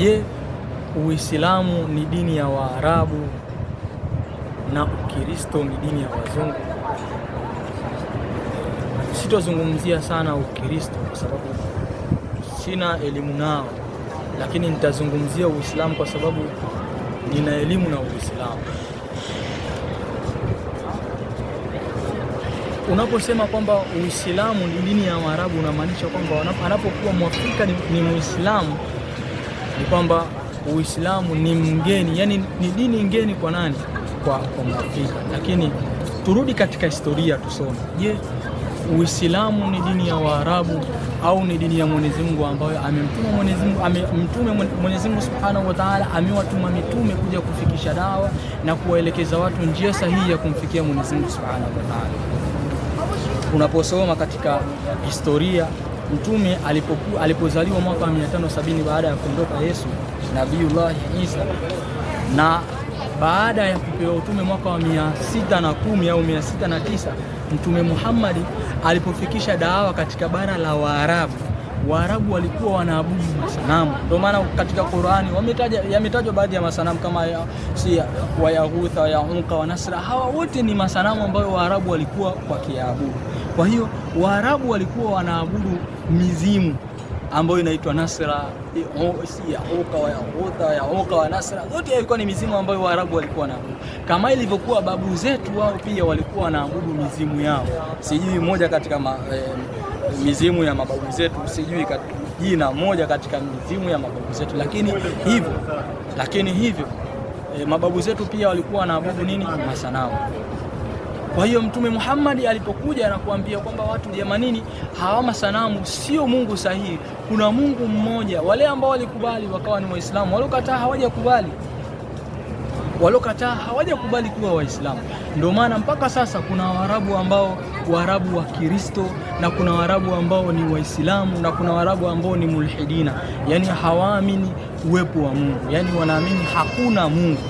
Je, Uislamu ni dini ya Waarabu na Ukristo ni dini ya wazungu? Sitozungumzia sana Ukristo kwa sababu sina elimu nao, lakini nitazungumzia Uislamu kwa sababu nina elimu na Uislamu. Unaposema kwamba Uislamu ni dini ya Waarabu, unamaanisha kwamba anapokuwa Mwafrika ni Muislamu ni kwamba Uislamu ni mgeni, yani ni dini ngeni kwa nani? Kwa, kwa Mwafrika. Lakini turudi katika historia tusome, je, Uislamu ni dini ya Waarabu au ni dini ya Mwenyezi Mungu ambayo amemtuma Mwenyezi Mungu amemtume Mwenyezi Mungu Subhanahu wa Ta'ala amewatuma mitume kuja kufikisha dawa na kuwaelekeza watu njia sahihi ya kumfikia Mwenyezi Mungu Subhanahu wa Ta'ala. Unaposoma katika historia Mtume alipokuwa alipozaliwa mwaka wa 570 baada ya kuondoka Yesu nabiullahi Isa, na baada ya kupewa utume mwaka wa 610 au 609 Mtume Muhammad alipofikisha daawa katika bara la Waarabu. Waarabu walikuwa wanaabudu masanamu, ndio maana katika Qurani yametajwa baadhi ya masanamu kama ya, si Wayahudha, Wayaunka, Wanasra. Hawa wote ni masanamu ambayo Waarabu walikuwa wakiabudu. Kwa hiyo Waarabu walikuwa wanaabudu mizimu ambayo inaitwa Nasra si ya oka wa yahodha ya oka wa Nasra, yote ilikuwa ni mizimu ambayo Waarabu walikuwa wanaabudu, kama ilivyokuwa babu zetu wao pia walikuwa wanaabudu mizimu yao. Sijui moja katika ma, eh, mizimu ya mababu zetu, sijui jina moja katika mizimu ya mababu zetu, lakini hivyo lakini hivyo eh, mababu zetu pia walikuwa wanaabudu nini? Masanamu. Kwa hiyo Mtume Muhammad alipokuja anakuambia kwamba watu jamanini, hawama sanamu sio Mungu sahihi, kuna Mungu mmoja. Wale ambao walikubali wakawa ni Waislamu, waliokataa hawajakubali waliokataa hawajakubali kuwa Waislamu. Ndio maana mpaka sasa kuna Waarabu ambao Waarabu wa Kristo na kuna Waarabu ambao ni Waislamu na kuna Waarabu ambao ni mulhidina, yaani hawaamini uwepo wa Mungu, yaani wanaamini hakuna Mungu.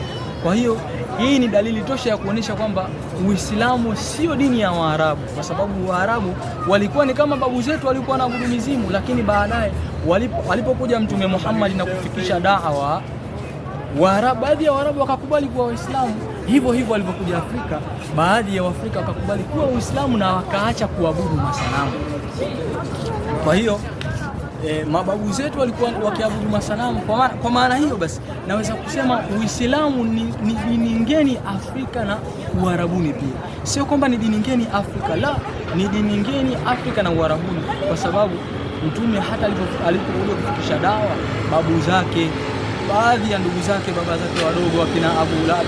Kwa hiyo hii ni dalili tosha ya kuonyesha kwamba Uislamu sio dini ya Waarabu, kwa sababu Waarabu walikuwa ni kama babu zetu walikuwa na abudu mizimu, lakini baadaye walipokuja Mtume Muhammad na kufikisha dawa Waarabu, baadhi ya Waarabu wakakubali kuwa Waislamu. Hivyo hivyo walivyokuja Afrika, baadhi ya Waafrika wakakubali kuwa Uislamu na wakaacha kuabudu masanamu. Kwa hiyo e, eh, mababu zetu walikuwa wakiabudu masanamu. Kwa maana, kwa maana hiyo basi naweza kusema Uislamu ni, ni dini ngeni Afrika na Uarabuni pia. Sio kwamba ni dini ngeni Afrika, la, ni dini ngeni Afrika na Uarabuni kwa sababu Mtume hata alipokuja kufikisha dawa, babu zake, baadhi ya ndugu zake, baba zake wadogo, akina Abu Lahab,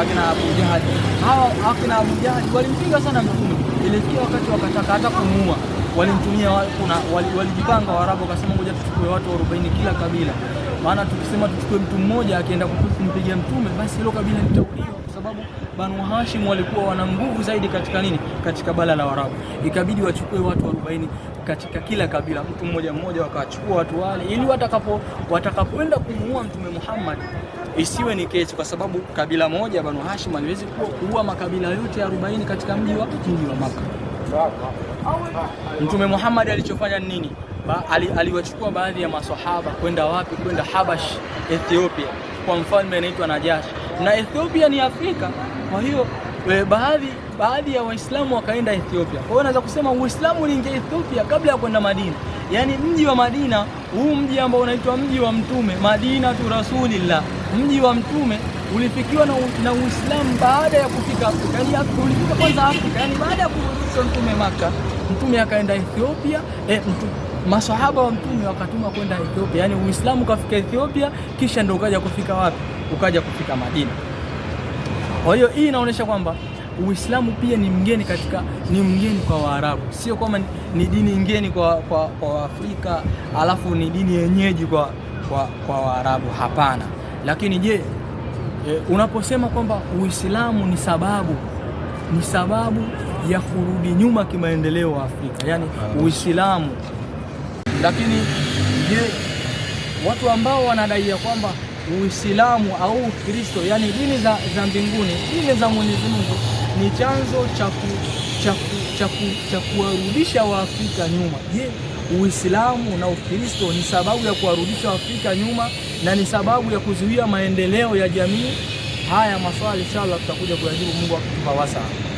akina Abu Jahal, hawa akina Abu Jahal walimpinga sana Mtume, ilifikia wakati wakataka hata kumuua walimtumia kuna walijipanga wali Waarabu wakasema ngoja tuchukue watu 40 kila kabila, maana tukisema tuchukue mtu mmoja akienda kumpigia Mtume basi hilo kabila litauliwa, kwa sababu Banu Hashim walikuwa wana nguvu zaidi katika nini, katika bala la Waarabu. Ikabidi wachukue watu 40 katika kila kabila, mtu mmoja mmoja, wakachukua watu wale, ili watakapo watakapoenda kumuua Mtume Muhammad isiwe ni kesi, kwa sababu kabila moja Banu Hashim aliwezi kuua makabila yote 40 katika mji wa mji wa Maka. Mtume Muhammad alichofanya nini? Ba, ali, aliwachukua baadhi ya maswahaba kwenda wapi? Kwenda Habash, Ethiopia, kwa mfalme anaitwa Najash, na Ethiopia ni Afrika. Kwa hiyo baadhi baadhi ya Waislamu wakaenda Ethiopia. Kwa hiyo naweza kusema Uislamu uliingia Ethiopia kabla ya kwenda Madina, yaani mji wa Madina, huu mji ambao unaitwa mji wa Mtume, madina tu Rasulillah, mji wa Mtume ulifikiwa na Uislamu baada ya kufika yaani, Afrika, ulifika kwanza Afrika, yaani baada ya kufikishwa Mtume Maka. Mtume akaenda Ethiopia e, mtu, maswahaba wa mtume wakatuma kwenda Ethiopia, yani Uislamu kafika Ethiopia, kisha ndio ukaja kufika wapi? Ukaja kufika Madina. Kwa hiyo hii inaonyesha kwamba Uislamu pia ni mgeni katika ni mgeni kwa Waarabu, sio kwamba ni, ni dini ngeni kwa, kwa, kwa Afrika alafu ni dini yenyeji kwa, kwa, kwa Waarabu. Hapana. Lakini je, eh, unaposema kwamba Uislamu ni sababu ni sababu ya kurudi nyuma kimaendeleo Afrika, yani ah. Uislamu. Lakini je, watu ambao wanadai ya kwamba Uislamu au Ukristo, yani dini za, za mbinguni, dini za Mwenyezi Mungu ni chanzo cha kuwarudisha Waafrika nyuma. Je, Uislamu na Ukristo ni sababu ya kuwarudisha Waafrika nyuma na ni sababu ya kuzuia maendeleo ya jamii? Haya maswali inshallah tutakuja kuyajibu Mungu akitupa wasaa.